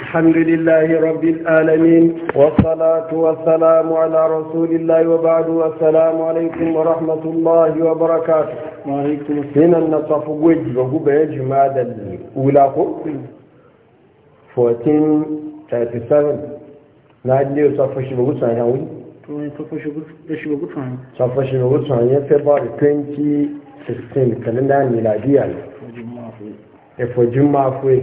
الحمد لله رب العالمين والصلاة والسلام على رسول الله وبعد والسلام عليكم ورحمة الله وبركاته وعليكم السلام هنا نصف وجه وقوب جماد الأولى 1437 نادي وصف شبه سنة وي صف شبه سنة فبراير 2016 كالندر ميلادي يعني إفو جمعة فوي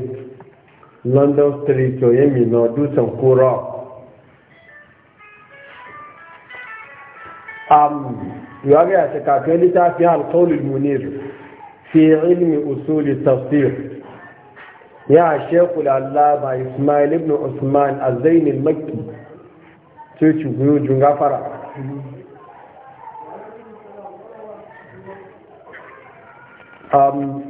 london street oyemi na dutsen kura am yawon ya ce kakai littafi alkaunin munir fi ilmi usuli tafsir ya shekul ba ismail ibn usman azainin maki coci guyojin gafara um,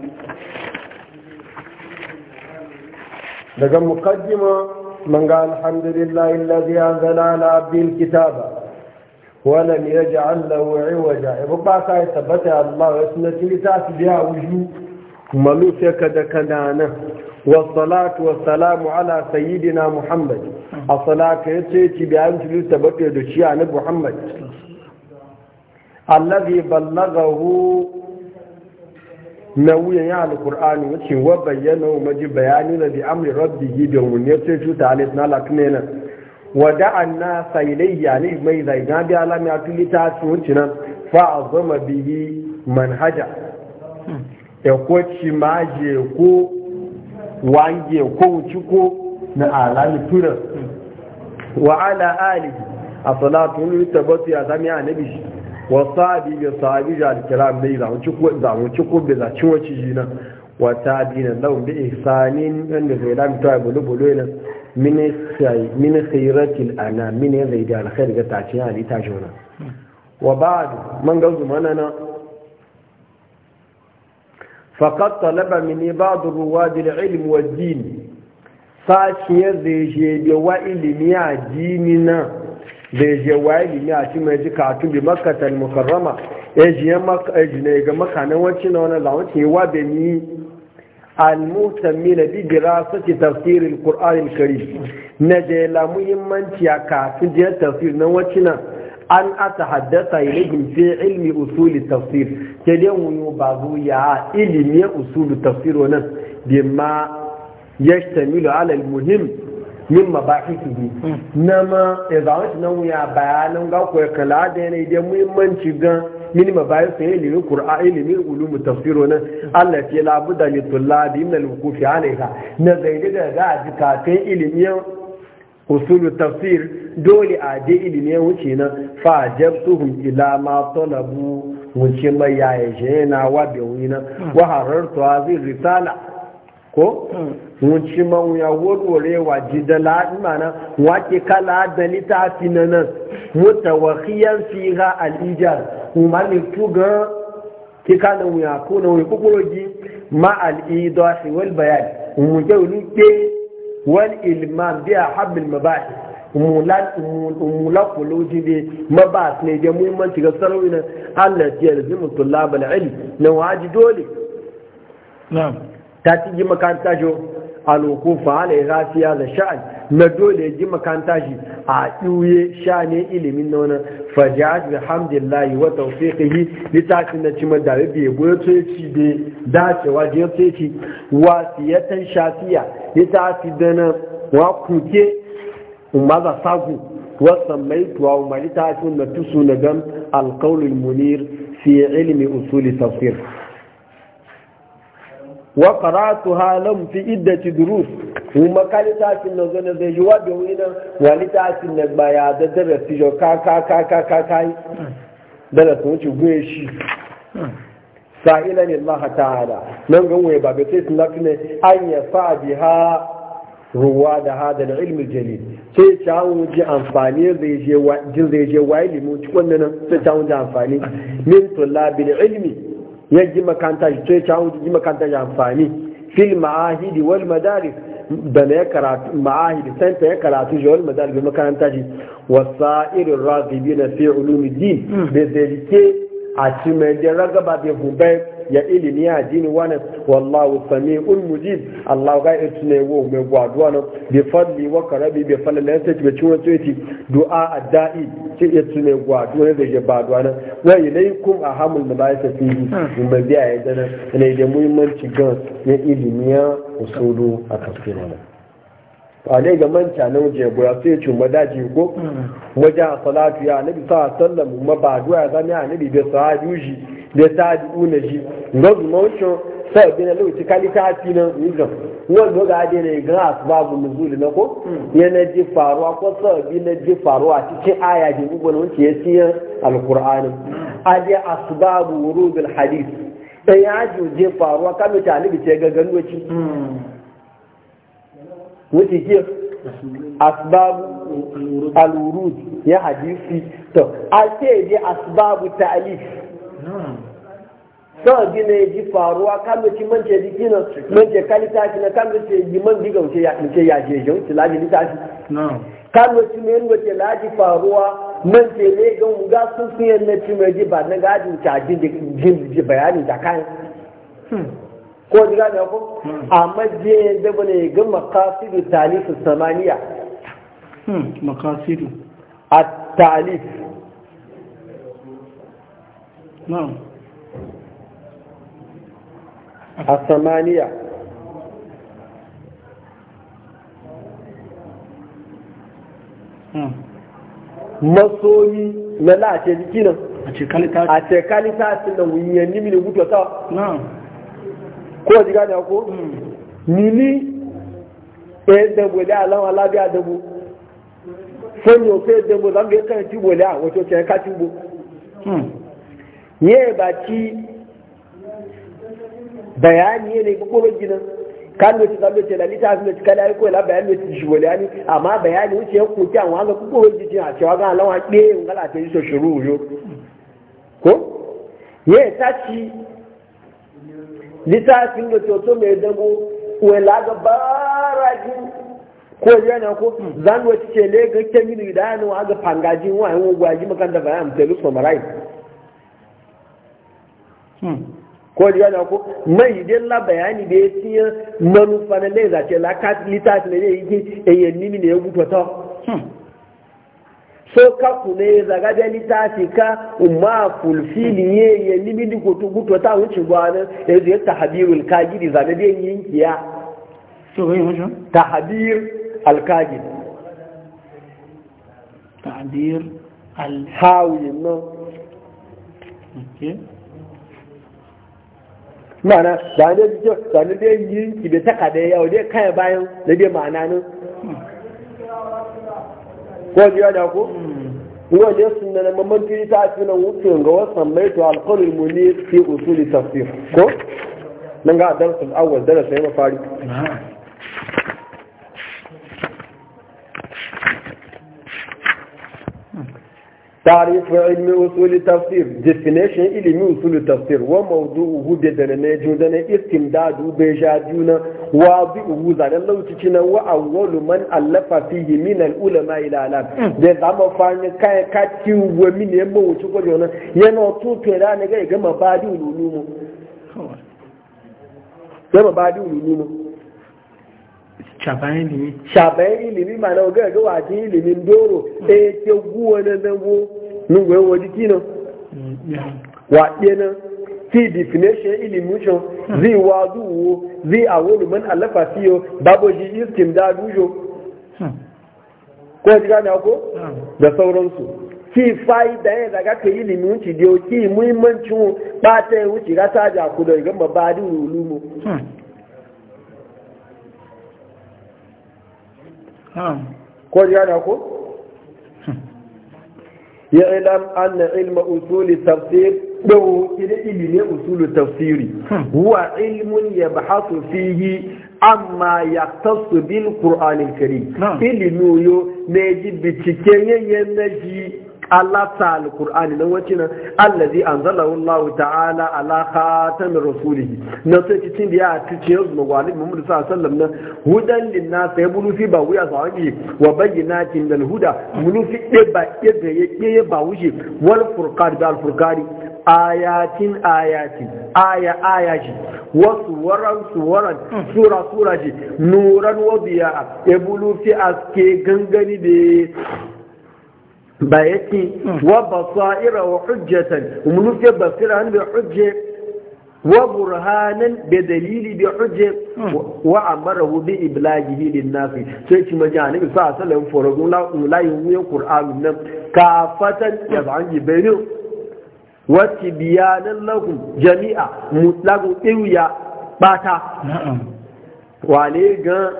daga mukaddima man ga alhamdulillahi alladhi anzala ala abdil kitaba wa lam yaj'al lahu 'iwaja ibu ba sai tabbata Allah ya sunna tilita su biya wuju malu sai kada kada nan والصلاة والسلام على سيدنا محمد الصلاة يتيتي بأن تلو تبقى دشي محمد الذي بلغه na wuyan ya alkur'ani wace wa bayyana maji bayani na bi amri rabbi gidan ne sai cuta alis na lakne nan wada an na sailayya ne mai zai na bi alam ya tuli ta su wuce nan fa a zama biyi manhaja ya ko ci je ko wange ko wuci ko na alami turan wa ala alihi a salatu wani tabbatu ya zami a nabi shi wa sahabi bi da ja alkiram dai za mu ci ko za mu ci ko bi za ci wace jina wa tabiina lahum bi ihsanin wanda zai lam ta bulu bulu ne min sai min khairati alana min zai da alkhair ga tace ali ta jona wa ba'd man ga zumana na faqad talaba minni ba'd ruwad alilm wa din sashi ya zai je wa ilimi a na. bai je waye limi a cikin mai katun bi makkatal mukarrama ya ji ne ga makanan wacce na wani lawanci ce wa da ni almutamina bi dirasati tafsir alquran alkarim na da la muhimmanci a katun je tafsir na wacce na an haddasa ilayhim fi ilmi usul tafsir ke dai wuyo babu ya ilmi usul tafsir wannan ma yashtamilu ala almuhim min bi hmm. na ma izawant nan wuya bayanan ga kuwa kala da yanayi da muhimmanci gan min mabahisi ya ilimin qur'a ilimin ulumu tafsiro nan Allah ce la li tullabi min al-wuqufi alayha na zaidi da ga kai ilimin usulu tafsir dole a je ilimin wuce na fa jabtuhum ila ma talabu wuce mai yaye shi yana wa bi wina hmm. wa harartu hadhihi risala ko hmm. wunci man ya jidala imana wake kala da littafi na nan mutawakiyan fiha al'ijar umarni tuga ki wuya ko na wuya kukuroji ma wal bayan ilman biya habbin mabashi ne mabas ne da muhimmanci ga sarauyi na allah na waji dole ta ci ji makaranta jo alwukufa ala rafiya da sha'an na dole ji makaranta shi a ɗuye sha ne ilimin na wani fajiyar da hamdillahi wa taufiqihi littafin na cimar da rabe ya goyo to ci da dacewa da ya to ci wasiyatan shafiya littafi da na wa kuke umaza sagu wasan mai tuwa umarita na tusu na gan alkaulul munir fi ilmi usuli tafsir wa karatu halam fi iddati durus kuma ka tin nan zan zai yi wado ina walita tin nan baya da darasi jo ka ka ka ka ka kai darasi wuce goye shi sa'ila ne Allah hada nan ga waye ba sai sun lafi ne an ya fa biha ruwa da hada da ilmi jali sai ta ji amfani zai je wa ilimin zai je cikin nan sai ta ji amfani min tulabil ilmi ya ji makanta shi to ya ci hannu ji makanta ya amfani fil ma'ahidi wal madaris da na ya karatu ma'ahidi santa ya karatu shi wal madaris da makaranta shi wasa irin ragibi na fi ulumi din da hmm. zai rike a cimai da ragaba bai hubai ya ilimi ya dini wani wallahu sami'un mujib Allah ga ya tune wo mai gwaduwa na bi fadli wa karabi bi fadli la yasaki bi ciwon tsoyi du'a adda'i ce ya tune gwaduwa ne da ya baduwa na wa ilaikum ahamul malaika fi mun hmm. biya ya dana ne da muhimmanci ga na ilimi ya usulu a tafsirin ne ga manta na wuce bura sai cin madaji ko waje a salatu ya nabi sa sallam ma ba duwa zama ya nabi da sahabu shi da sahabu una shi ga zuma wucin sai bi na lauci kalita fi na nizam wani ga ade ne ga asbabu nuzuli na ko ya na ji faruwa ko sai bi na ji faruwa cikin aya da na wuce ya siya alqur'ani ade asibabu wurudul hadith ɗaya ya ji faruwa kamita talibi ce ga ganwaci wuce ke asbabu alurud ya hadisi to a ce je asbabu ta'alif sau gina ya ji faruwa kan da ci mance jiki na mance kalita shi na kan da ce yi man diga wuce ya kince ya je jau ci laji ci kan da ci mai wace laji faruwa mance ne ga ga sun fiye na ci mai ji ba na gajin cajin da bayani da kayan hmm. ko ji gane ku a je da bane ga makasidu talifu samaniya hmm, makasidu a talif a samaniya masoyi na la'ace jikinan a ce kalita a ce kalita sun da wuyanni mini gudu ta na'am ko ji gane ko hmm. nini e eh, dabo da alawa labi adabo sanyo fe dabo zan ga kan tibo la wato ke ka tibo hmm. ye ba ci bayani ne ko ko gina kan ne zan ga tela lita ne kala ko la bayani ne shi bolani amma bayani wuce ko ta wa wanga ko ko ji a cewa ga alawa de ngala ta yi so shuru yo ko ye ta ci littafin da toto mai dago wela ga baraji, ko yana ko hmm. zan wace ce le ga ni da yana wa ga fangajin wa yan gwaji makan da bayan telu somarai hmm. ko yana ko mai idan la bayani da ya tiya manufa na le zace la ka littafin ne yake eyenni eh, ne ya ta. Hmm. so ka kune zaga da ka umma fulfili ye ye ni bi ko to guto ta wuce gwanin ya je tahbirul so bai wajo tahbir al kagid al hawi no okay mana da ne da ne yinki da takada yawo dai kai bayan dai nan ko biya da ku wanda ya hmm. sunna na mamman tuni ta fi nan wuce ga wasan mai to alƙalul muni fi usuli tafsir ko nan ga darasul awwal darasa ya mafari تعريف علم أصول التفسير definition علم أصول التفسير وموضوعه بدنا جودنا استمداده بجادونا واضعه زان الله تشنا وأول من ألف فيه من العلماء إلى العالم ده زما فان كان كاتيو ومن يمو تقول يونا ينا توترا نجا يجمع بعدي العلوم يجمع بعدي العلوم shafayin ilimi shafayin ilimi ma na ga ga wace ilimin doro eh ke guwa na zango nun gwe wa dena ti definition ilimin shi zai wazu zai awolu man alafa fiyo babu ji iskim da dujo ko ji gane ko da sauransu ki fa'ida ya daga ka ilimin wuce da muhimmancin ba ta yi wuce ga ta ja ku da ga mabadi ko da ko ya ilam anna ilma usuli tafsir dawo ila ne usulu tafsiri hmm. wa ilmun yabhasu fihi amma yaqtasu bil qur'anil kari. Ilimin yo na ji bincike na naji Allah ta alkur'ani nan wace nan allazi anzalahu Allah ta'ala ala khatamir rasulihi na da ya tuce yanzu ga wali sallallahu alaihi wasallam nan hudan linnas ya bulu ba wuya sahabi wa bayyinatin dal huda ba ga ya ba wuce wal furqan furqani ayatin aya aya wasu waran suwaran sura sura nuran ya aske gangani da ba yake wa basaira wa hujjatan umuluke basira an bi hujje wa burhanan bi dalili bi hujje wa amarahu bi iblagihi lin nafi sai ki maji annabi sa sallan forogun la ulayi wa qur'an nan kafatan ya ban ji bayro wa tibyanan lahum jami'a mutlaqu iwiya bata wale ga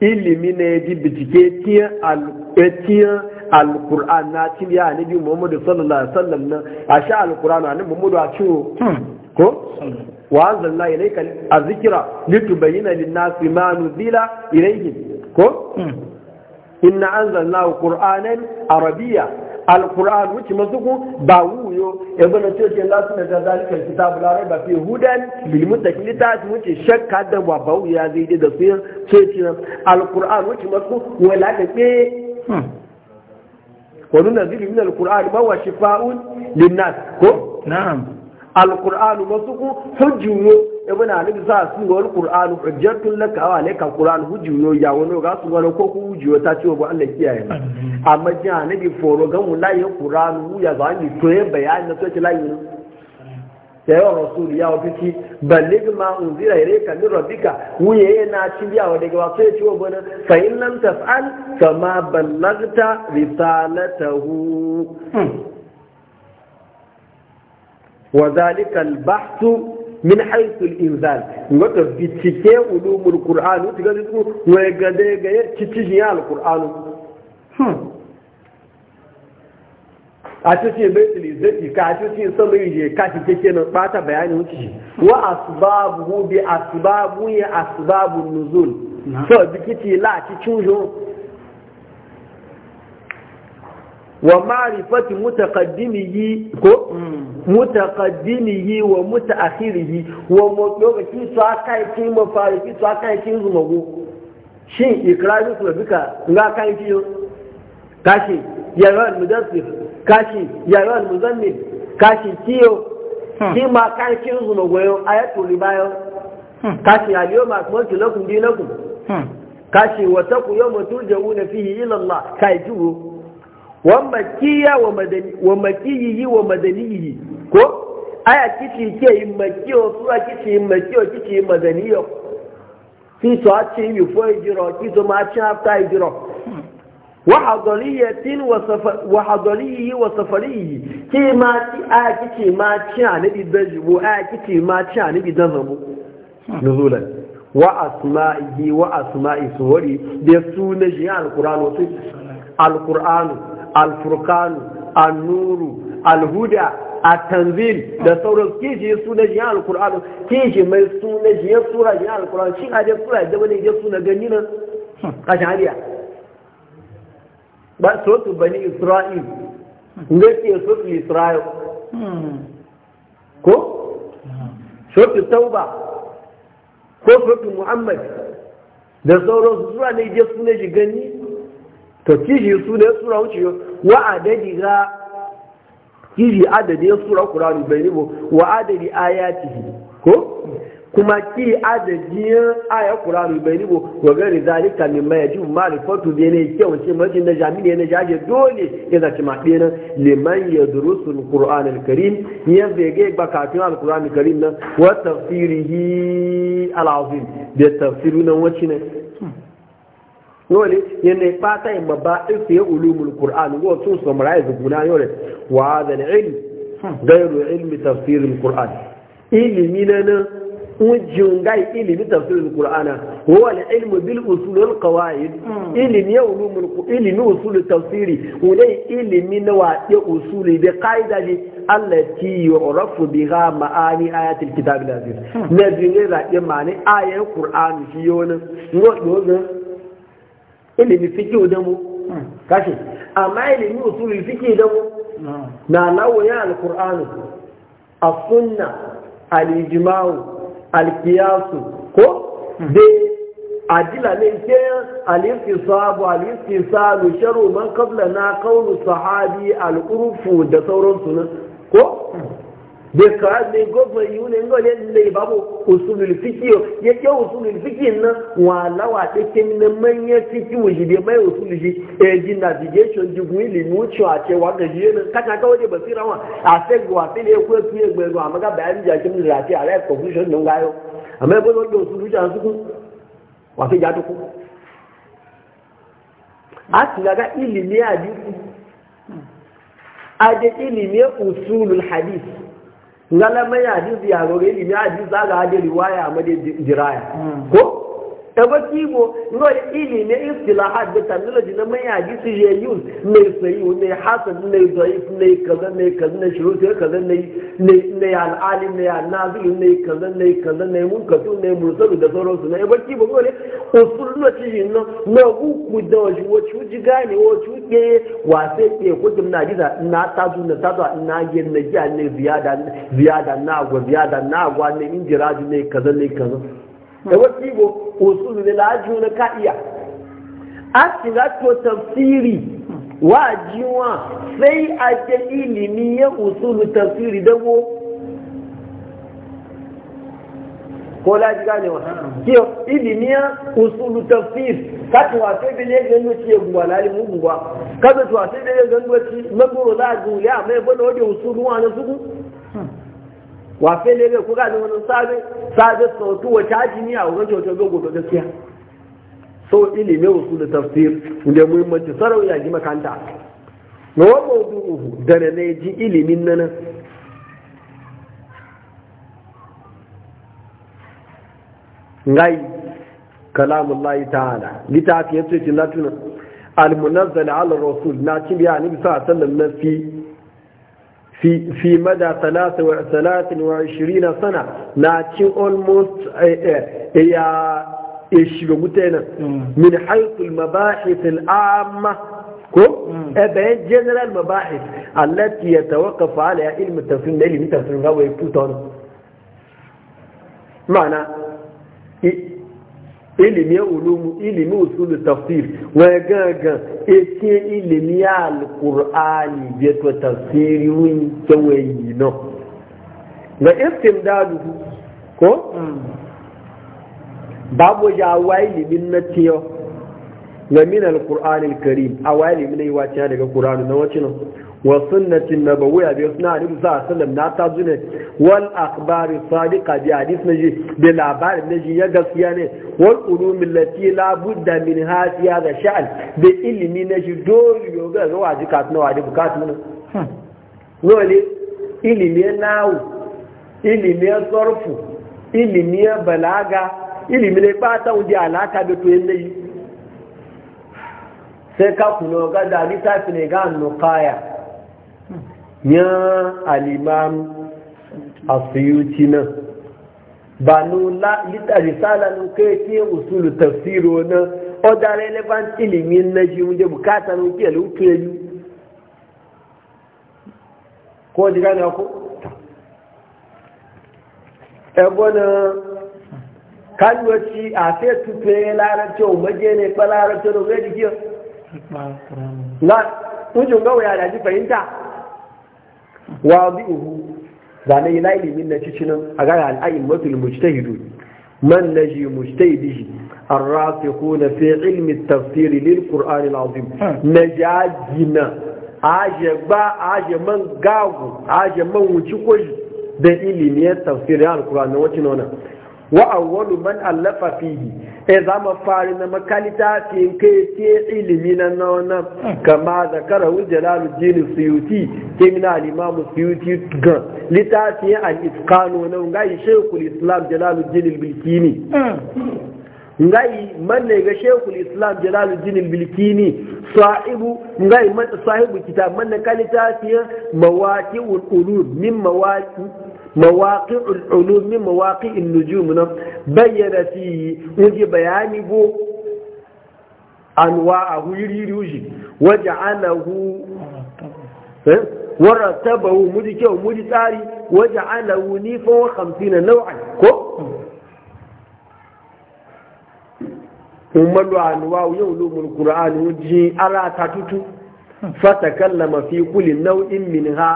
ilimi ne di bitike tiyan eh, tiyan alkur'an na cibiya a nabi muhammadu sallallahu alaihi wasallam na a sha alkur'an na muhammadu a ciwo hmm. ko wa zalla ilaika azkira litubayyana lin ma nuzila ilayhi ko hmm. inna anzalna qur'anan arabiyya alquran wuce mazuku ba wuyo yanzu na ce Allah suna da zalikar kitabu la raiba fi hudan bil muttaqin litati wuce shakka da ba ba wuya zai da su ce ce alquran wuce mazuku wala da ke hmm. wa nunzilu min alqur'ani ma huwa shifaa'un linnas ko na'am alqur'anu masuku hujjuyo ibn ali sa su wal qur'anu hujjatul laka wa alayka alqur'an hujjuyo ya wono ga su wala ko ku hujjuyo ta ce ba Allah kiyaye ma amma ji foro ga mu la ya ya ba ni to bayani na to ce la ya yawan rasulu ya wafi ki ballig ma unzira ilayka min rabbika wuye yana cibiyawa daga wasu ya wa gona fa in lam taf'al fa ma ballagta risalatahu wa zalika al-bahth min haythu al-inzal wato bincike ulumul qur'an wuce ga gade wai ga daga al-qur'an a cikin baitul izzati ka a cikin sama yije ka ci kake nan bata bayani wuce wa asbabu bi asbabu ya asbabun nuzul so bikiti la ci cujo wa ma'rifati mutaqaddimihi ko yi hmm. wa yi. wa lokaci su aka yi kin mafariki su aka yi kin zumago shin ikrarin su bika ga kan kiyo kashi yaran mudassir kashi yaron muzammil kashi kiyo kima hmm. kan kin zuno goyo ayatu ribayo hmm. kashi al-yawma akmaltu lakum dinakum hmm. kashi wa taqu yawma turja'una fihi ila Allah kai juwo wa makiya wa madani wa makiyi wa madani yi ko aya kici ke yin makiyo sura kici yin makiyo kici yin madaniyo kiso a ci yi fo ijiro kiso ma ci after ijiro wahadariyi wa safariyi ke ma ci a kike ma ci a nabi don jibo a kike ma ci a nabi zabo nuzulan wa asma'i wa asma'i suwari da su na shi alkur'anu su alkur'anu alfurkanu annuru alhuda a tanzil da sauran kishi su na jiya alkur'anu mai su na jiya sura jiya alkur'anu shi a sura da wani suna gani nan kashin hadiya ba sotu bani isra'il nga ce sotu isra'il ko sotu tauba ko sotu muhammad da sauran su zuwa ne je su ne shi gani to kiji su ne sura wuce wa adadi ga kiji adadi sura kurani bai ne wa adadi ayatihi ko kuma ki adadin aya Qur'ani bai nibo wa gari zalika min ma yaji ma'rifatu bi ne kyau ce majin da jami'i ne jaje dole ya zaci ma dena liman ya al-Qur'an al-Karim ya zage ba tun al-Qur'an al-Karim nan wa tafsirihi al-azim da tafsiru nan wacce ne dole yana fata in mabaisu ya ulumul Qur'an wa tun summarize guna yore wa hadha ilmi ilm ilmi علم تفسير ilmi إلي na. wujin gai ilimi tafsirin qur'ana huwa na ilmu bil usul wal qawaid ilimi yawlumul ilimi usul tafsiri wani ilimi na waɗe usuli da qaida ne allati yu'rafu biha ma'ani ayat al-kitab al-aziz ne dinga zaɗe ma'ani ayat qur'ani shi yona ngo do ilimi fiqh da mu kashi amma ilimi usul fiqh da mu na lawo ya al-qur'ani as-sunna al-ijma'u alkiyasu ko dai adila ne ke alifisabu alifisalu sharu man kabla na kaunu sahabi al'urufu da sauransu nan ko because ne gofa yiwu ne ngo ne le babu usulul fiqh ya ke na wala wa de na manya fiqh wuji de mai usul ji e ji navigation ji gwi le mu cho a che wa gaji ne ka ka ka waje basira wa a ala su ku ilimi ilimi usulul hadisi ngalamai hadisi ya zo ilimi hadisi za ga hadin riwaya a madin hmm. ko ebe kibo ili ne istilahat da technology na mai yaji su je yun mai sayi ne hasan ne zaif ne kaza ne kaza ne shuru ce kaza ne ne ne al alim ne al nazil ne kaza ne kaza ne mun mai munkatu mai mursalu da sauransu su ne kibo no le usul no ci yin no na ku da wasu wasu ji wa wasu ke wa sai ke kudin na ji da na ta tazu na tazu na yin na ji ne ziyada ziyada na agwa ziyada na go ne injiraji ne kaza ne kaza da wasu ibo ne da laju na ka iya a shiga to tafsiri wa jiwa sai a ke ilimi ya usulu tafsiri dago ko laji gane wa kiyo ilimi ya usulu tafsiri ka wa sai bin ya gano ci na guwa lali mu guwa ka wa sai bile ya gano ci magoro la guwa ya mai bane osu usulu wa na suku wafe ne zai kuka da wani sabi sabi sautu wa caji ni a wajen cewa gogo ta gaskiya sau ilimin wasu da tafsir da muhimmanci sarau ya ji makanta na wa uku da na ne ji ilimin nana. ngai kalamun layi ta hana Lita fiye ce latuna al-munazzal al rasul na cibiya ni bisa sallan na fi في في مدى 23 سنة ناتي almost يا ايش بقولنا من حيث المباحث العامة كم ابين جنرال مباحث التي يتوقف عليها علم التفسير اللي متفسر غوي يفوتون معنى ilimi ya ulumu ilimi usulu tafsir wai gangan eke ilimi ya alkur'ani beto tafsiri wun kewayi no na istimdadu ko mm. babu ya wa ilimin na tiyo ga min alqur'an alkarim awali min yi wace daga qur'ani na wace nan wa sunnatin nabawiyya bi sunna ali musa sallam na ta zune wal akhbar sadiqa bi hadith na ji bi labarin na ji ya gaskiya ne wal ulum allati la budda min hasiya da sha'al bi ilmi na ji dole yo ga zuwa ji ka tunawa da bukatu ne dole ilimi nawo ilimi sarfu ilimi balaga ilimi ne ba ta wuce alaka da to yin sai ka kuno ga da littafi ne ga nukaya ya alimam asiyuti nan ba nula risala nun kai ke usulu tafsiro nan o da relevant ilimin na ji wunde bukata nun ke yi ko ji gane ku ebo na kalwaci a sai tupe larabci o maje ne ba larabci da wani jikiyar na ujun gawaya da ji fahimta wa bi'uhu da ne yi laili min na cicin a gara al'ayin mafi mujtahidu man na ji mujtahidi an rafi kuna fi ilmi tafsiri lil qur'anil azim na jajina aje ba aje man gagu aje man wuci kwaji da ilimin tafsiri Alƙur'ani quran na wacin wa awwalu man allafa fihi e zama fari na makalita ke kai ke ilimi na nan kama zakara hu jalaluddin suyuti ke min al-imam suyuti ga litafi al-itqanu na ngai shaykhul islam jalaluddin al-bilkini ngai ne ga shekul islam jalaluddin al-bilkini sahibu ngai man sahibu kitab man kalita fiye mawaqi'ul ul-qulub min mawaqi مواقع العلوم من مواقع النجوم بين فيه وجي بياني بو أنواعه يريد وجعله ورتبه مجي كيو وجعله نيفا وخمسين نوعا كو umaru anwawu yau lumul qur'an wuji ala tatutu fatakallama fi kulli naw'in minha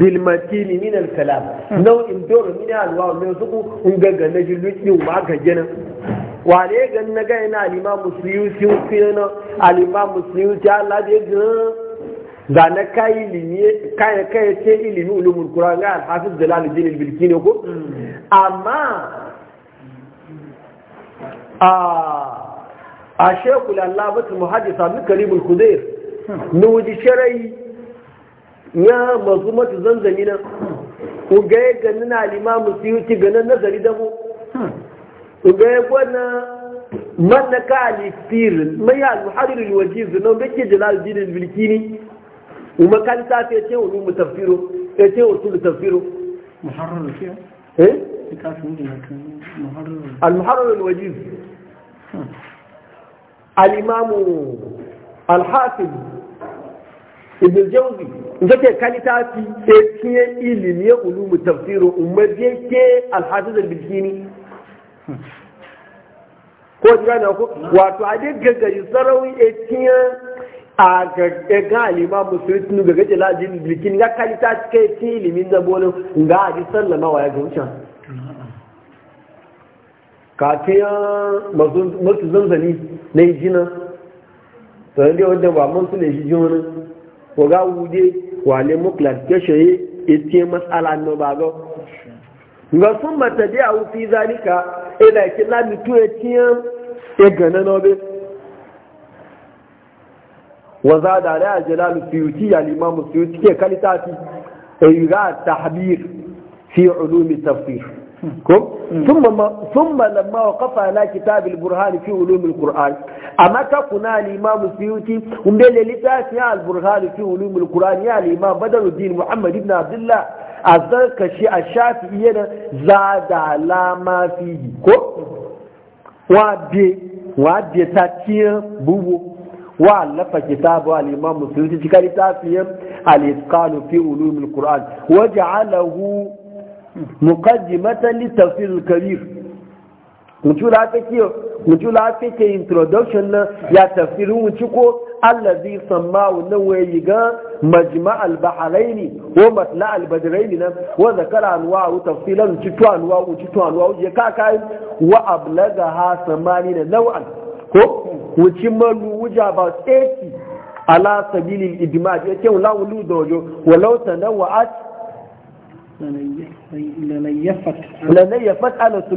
bilmatini min al-kalam nau'in dole min alwa min suku un gaga na jiluki ma ga jina wale gan na ga ina al-imam musyusi fina al-imam ta Allah de ga ga na kai ilimi kai kai ce ilimi ulumul qur'an ga al-hafiz jalaluddin al-bilkini ko amma a a shekul Allah mutum muhaddisa min karimul khudair hmm. nuji sharai ya masu matu zanzani nan ku ga ya gani na limamu su yi ganin nazari da mu ku ga ya gwana man na ka alifir mai ya alharir alwaji zunan da ke jalal dinin bilkini kuma kan ta fi ce wani mu ya ce wasu mutafiro tafsiro muharrar ke eh al-muharrar ibn njake kalita fi e tiye ilimi ya ulumu tafsiru umar ce ke da bilkini ko jira na ku wato a dai gaggari sarauni e tiye a gaggaga alima musulmi ga gaje lajin bilkini ya kalita ke tiye ilimi da bolin ga a ji sallama wa ya ga Ka kafiyan masu zanzani na yi jina sanar wadda ba mun su ne shi jihonin waga wude wale muklas ya shaye ita matsala no ba go ga sun mata dai a fi zalika ila e ki la mitu ya e tiya ya e gana no be wa za da la jalal suyuti ya limamu suyuti ke kalita yi ga tahbir fi ulumi tafsir ثم ثم لما وقف على كتاب البرهان في علوم القرآن أما كنا الإمام السيوتي ومن لتاسع البرهان في علوم القرآن يا الإمام بدر الدين محمد بن عبد الله أصدر كشي الشافعي زاد على ما فيه كم وعدي وعدي تاتيه بو وعلف كتاب الإمام السيوتي كالتاسع الإتقان في علوم القرآن وجعله muqaddimatan li tafsir al-kabir mutula take mutula take introduction na ya tafsirin wuci ko allazi sammahu nan waye yiga majma' al-bahraini wa matla al-badraini nan wa zakara anwa'u tafsilan ci to anwa'u ci to anwa'u je ka kai wa samani na nau'an, ko wuci malu wuja ba 80 ala sabilil idmaj yake wala wulu dojo walau tanawwa'at lanayya fat'ala a ci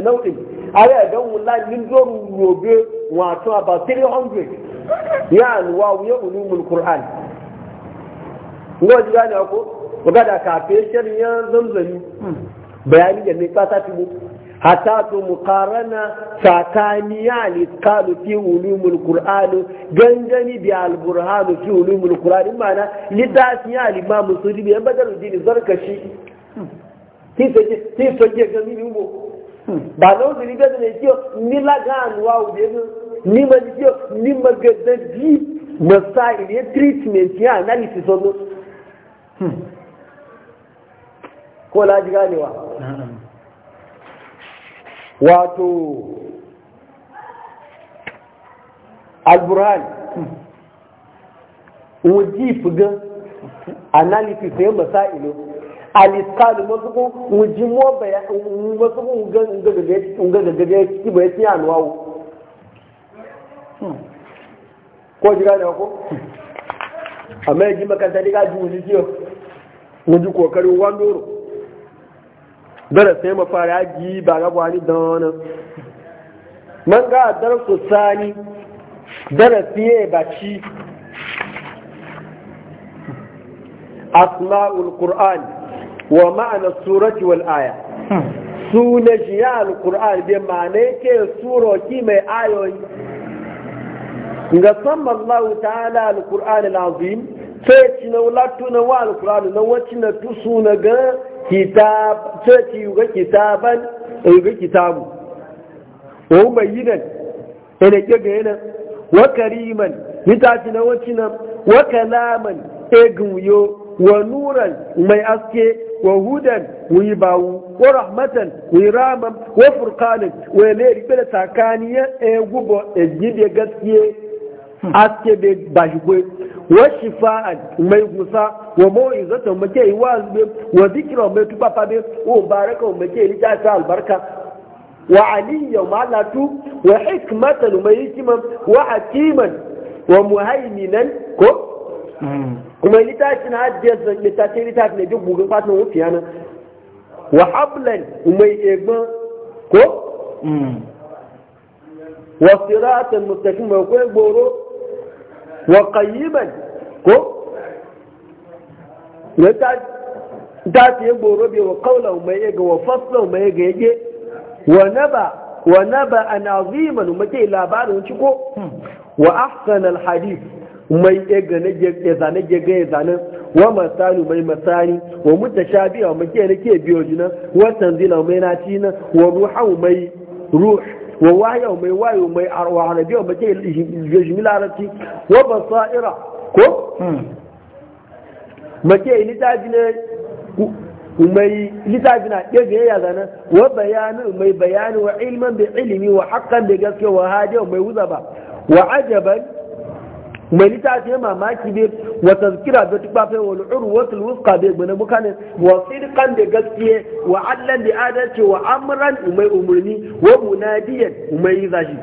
nau'in ala don wula min zoru robe wato about 300 ya alwa wuya ulumul qur'an ngoji gane ko ga da kafe shirin ya zamzami bayani da ne fata mu. hatta su mukarana tsakaniya liskalu fi ulumul qur'anu gangani bi al fi ulumul qur'an mana lidafi ya al-imam sudi bi badaru din zarkashi ti soje ti soje gami ni mo ba no ni ga ne ti ni la gan wa u de ni ma ti ni ma ga da di masail ya treatment ya analysis ono hm. ko la ji ganewa wato alburhan wujif ga analysis ya masailu alisalu masuku wujimo bayan masuku gagagaga ko da ko ji darasa ya mafara ji ba ga wani da wani man ga su sani darasa ya baci asma'ul qur'an wa ma'ana surati wal aya hmm. shi jiya al-qur'an ma ma'ana ke suroki mai ayoyi ga lau ta ta'ala al-qur'an al-azim sai ci na wulatu na wa al-qur'an na wacce na tusu na ga kitab sai yuga kitaban yuga eh, kitabu wa bayyinan ene ke yana wa kariman mitaci na wacin nan wa kalaman eh, yo. wa nuran mai aske wa hudan wuyi bawu wa rahmatan wuyi raman wa furkanin wa leri bada tsakaniyar egubo eh, ejide gaskiye aske bai ba shi kwe wa shifa mai gusa wa mawai zata mace yi wa zube wa zikira mai tuba fabe wa baraka wa mace yi ta ta albarka wa aliyya ma latu wa hikmatan mai hikiman wa hakiman wa muhaiminan ko hmm. kuma litafin hajjiyar litafin litafin ne duk bugun fatan wufiya nan wa hablan mai egbon ko hmm. wa siratan mustaqim mai kwaye goro wa ko ya ta ta yi goro bai wa qawlan mai ga wa faslan mai ga yake wa naba wa naba an aziman labarin ci ko wa ahsan al hadith mai ga na ga zane ga zane wa masalu mai masani wa mutashabiha na ke biyo jina wa tanzila mai na ci na wa ruhan mai ruh wa mai wayo mai arwa hanabiya ba ke jimi larabci wa basaira ko mace hmm. litafi ne mai litafi na ɗaya ya zana wa bayanin mai bayani wa ilman da ilimi wa haƙƙan da gaske wa hajiyar mai wuza ba wa ajaban mai ce mamaki ne wa tazkira da tuba fa wal urwatul wusqa da gbana bukanin wa sidqan da gaskiye wa allan da adalci wa amran umai umurni wa munadiyan umai zashi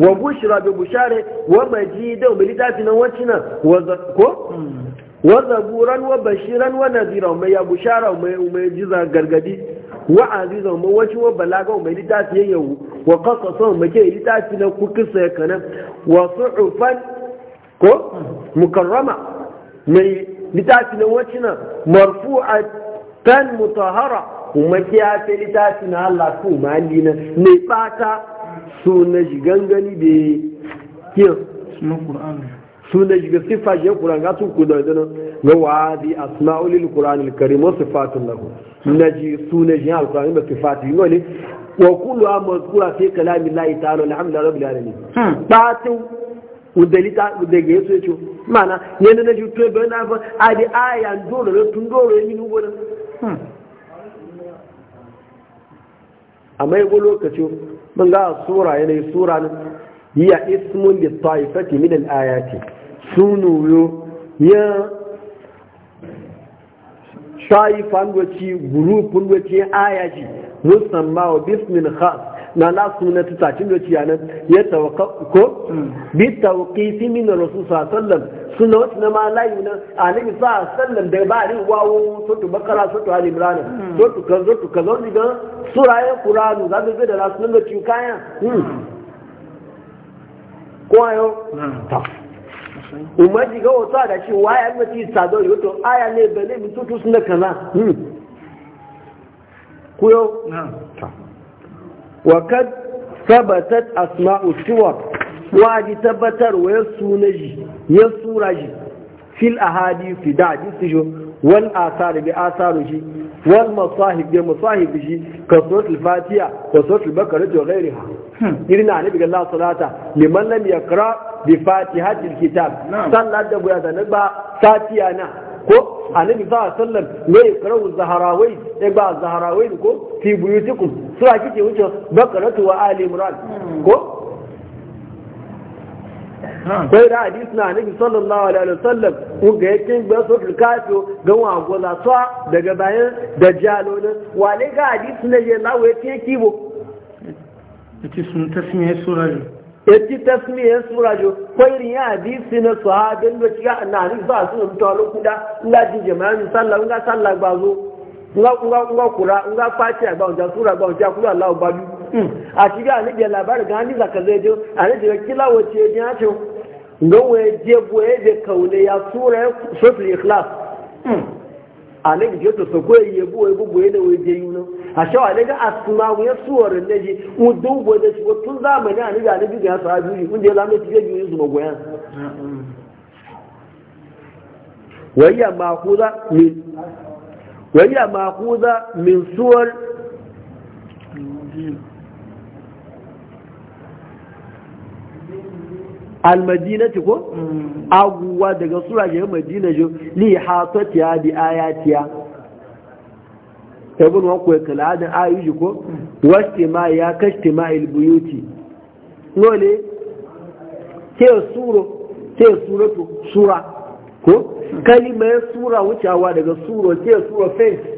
wa bushra da bushare wa majida mai ce nan wacin nan wa zakko wa zaburan wa bashiran wa nadira mai ya bushara mai umai jiza gargadi wa aziza ma wacin wa balaga mai littafi yayin wa qasasa mai littafi na kukisa kana wa su'ufan ko mukarrama mai littafi na wacina a tan mutahara kuma kiya ta littafi na Allah su mali na mai bata su na gangani da kiyan su na shiga siffa shi kuran ga su ku da dana ga wadi asma'ulil qur'anil karim wa sifatun lahu naji su na ji shi kur'an ba sifatu yi ne wa kullu amma zkura fi kalamillahi ta'ala alhamdulillahi rabbil alamin batun hmm. udelita udege yesu echo mana yende na jutwe bena va adi aya ndoro le tundoro yemi nubo na amma yabo lokaci mun ga sura yana sura ne hiya ismun li taifati min al ayati sunu yo ya taifan goci gurupun goci ayaji musamma wa bismin khas na la suna ta tacin da ciyanan ya tawaka ko bi tawqifi min rasul sallallahu alaihi wasallam suna wata na malayu nan annabi sallallahu alaihi wasallam da ba ri wawo to to bakara to to imran to to kazo to kazo ni ga surayen qur'anu za ga da la suna da kaya hmm. ko ayo hmm. ta umaji ga wata da shi waya mace sado yoto aya ne bane mututu suna kaza hmm. Ku yau? wa kad sabatat asma'u suwar wa tabbatar wa ya suna ji ya sura ji fil ahadisi da hadisi jo wal asar bi asaru ji wal masahib bi masahib ji ka suratul fatiha wa suratul bakara da hmm. irin na da ba fatiha na ko annabi sallallahu alaihi wasallam ne yaqra'u zaharawai ya ba zaharawai ko fi buyutikum sura kike wuce bakaratu wa ali imran ko sai da hadisi na annabi sallallahu alaihi wasallam ko ga yakin ba so kato ga wa gola to daga bayan dajjalo ne wale ga hadisi ne ya lawo ya kibo bo sun tasmiya sura yaci tasmiyar surajo kwairin ya hadisi na sahabin da ciya na hadisi ba su mutu a lokuta nga ji jama'a ni sallah nga sallah ba zo nga nga nga kura nga fati ba onja sura ba onja kula Allah ba bi hmm. a shiga ni da labarin ga ni zaka zai jo a ne da kila wace ya ce nga waye je boye da kaule ya sura sura ikhlas a ne da to so ko yebo yebo boye da waje yuno a cewa daga asma ya suwar da ji udun gwada shi ko tun zamani a ni ga nabi ga sa biyu kun je zamu tije biyu su magoyan wayya makuza min wayya makuza min suwar almadina almadinati ko mm. aguwa daga sura ga madina jo li hatatiya bi ayatiya sabon wa kuwa kaladin ayuji ko wasu ma ya kashti ma ilbuyuti nole ke suro ke suratu sura ko ya sura wucewa daga suro ke suro fence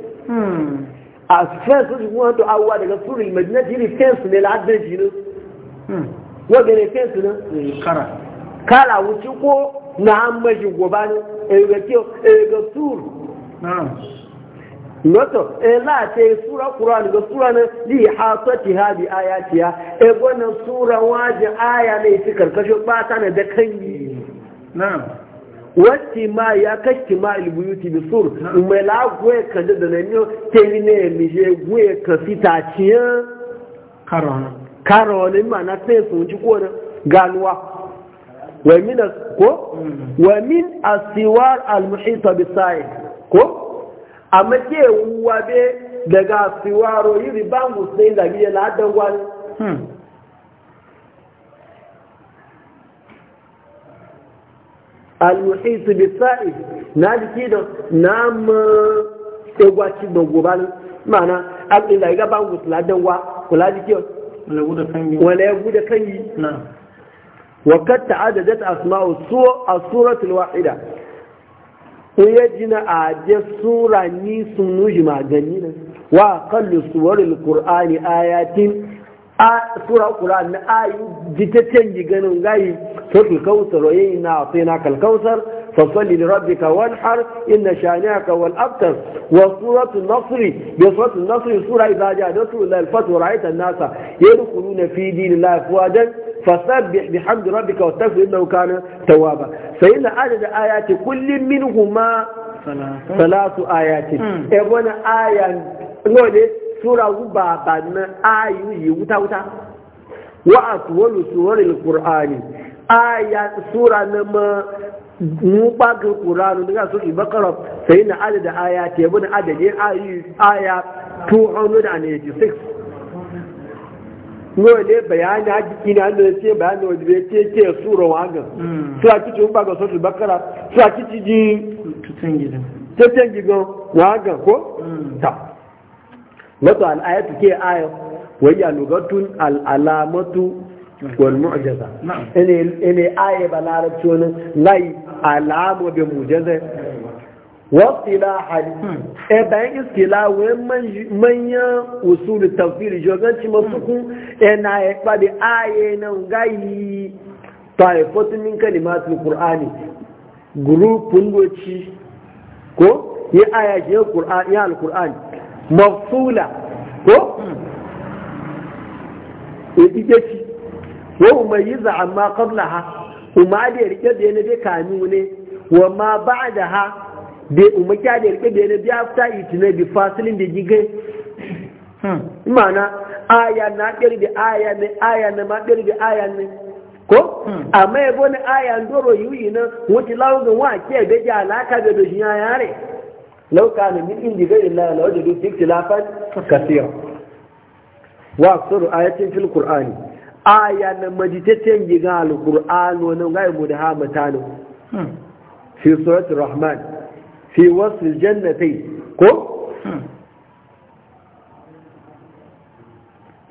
a fence wuce kuma to awwa daga surul madina jiri fence ne la'adar jini wadda ne fence ne kara Kala wuce ko na an mashi gobanin ga sur noto e la te sura qur'an ga sura ne li hasati ha bi ayatiha e wannan sura waje aya ne su karkashin bata ne da kan na wacce ma ya kashi ma ilbuyuti bi sura mai la gwe ka da da ne ke ni ne mi je gwe ka fita ciya karona karona ma na sai sun ci ko galuwa ومن كو ومن السوار المحيطه بالسائل كو amma ke wuwa be daga siwaro yi riba sai da na ladan wani hmm. al-muhisu bi sa'i na jiki da na ma egwaci da gobanin mana abin da ga bangu ladan wa kula jiki wala ya bude kan yi wa kad ta'adadat asma'u suratul wahida ya jina a je sura ni sun nuji magani wa kallu suwarin qur'ani ayatin a tura kula na ayu jitaccen giganin gayi to ki kausar wa na sai na kalkausar fa salli li rabbika wal har inna shani'aka wal abtar wa suratu nasri bi suratu nasri sura idza ja da tu lal fatu ra'ita nasa yadkhuluna fi dinillahi fawajan fasabbih bihamdi rabbika wastaghfir innahu kana kullin minhumma salatu ayati e bona sura guba ba na ayu yi wuta wuta wa atwalu suwaril qur'ani aya sura na ma mu bagin qur'ani daga su bakara sai na adada aya te bin adadin ayu aya 286 no le bayani a jiki na da ce bayani wajen da ce ke sura wagan hmm. sura kici mu bagin su bakara sura kici ji tutun gidan tutun gidan wagan ko hmm. ta wato al'ayatu ke ayo wayya lugatun al'alamatu wal mu'jaza ene ene aye balarabci wani lai alamu bi mu'jaza wasilahan hmm. e bayan iskila wayan manyan usul tafsir joganci masu hmm. kun ena ya kwabi aye nan gayi taifatun min kalimatul qur'ani grupun goci ko ya aya ke qur'ani ya al-qur'ani mafula ko ya ɗike ci wa umayyiza amma qabla ha umma da ya rike da ya nabe kanu ne wa ma ba da ha da umma kya da ya rike da ya nabe after it ne bi fasilin da gigai hmm. mana aya na ɗari da aya ne aya ne ma ɗari da aya ne ko hmm. amma ya gona aya ndoro yi yi na wata lawon wa ke da ji alaka da dojin yare لو كان من عند غير الله لوجدوا في اختلافا كثيرا واكثر ايات في القرآن آية مجتتين جيغا القرآن ونغاية مدهامتان في سوره الرحمن في وصف الجنتين كو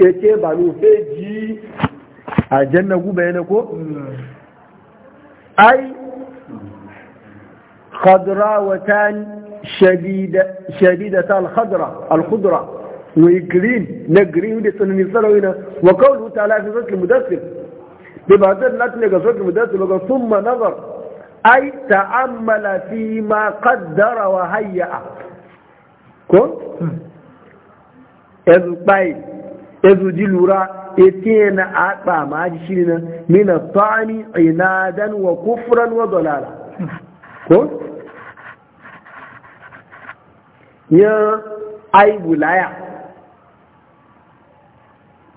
yake ba nufe ji a janna guba yana ko? ai khadrawatan شديدة شديدة الخضرة الخضرة ويجرين نجرين ودي وقوله تعالى في صورة المدثر ببعض الناس لقى سورة المدثر ثم نظر أي تأمل فيما قدر وهيأ كون إذ باي إذ جلورا إتينا أعطى ما من الطعن عنادا وكفرا وضلالا كون ya ai wulaya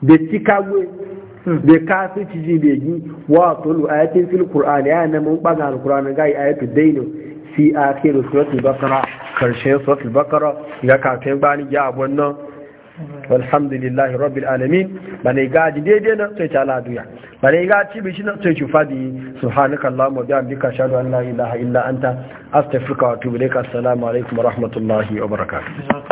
da cikawe da hmm. kasu ciji begi wa a yakin fil qur'ani ya na mun baga alqur'ani ga ayatul dainu fi akhir suratul baqara karshen suratul baqara ga kafin bani ya wannan. walhamdulillahi rabbil alamin bane yi gaji daidai na sai ta laduya bane ga ci bi shi na sai cufa bi subhanakallahumma wa bihamdika ashhadu an la ilaha illa anta astaghfiruka wa atubu ilaik assalamu alaikum wa rahmatullahi wa barakatuh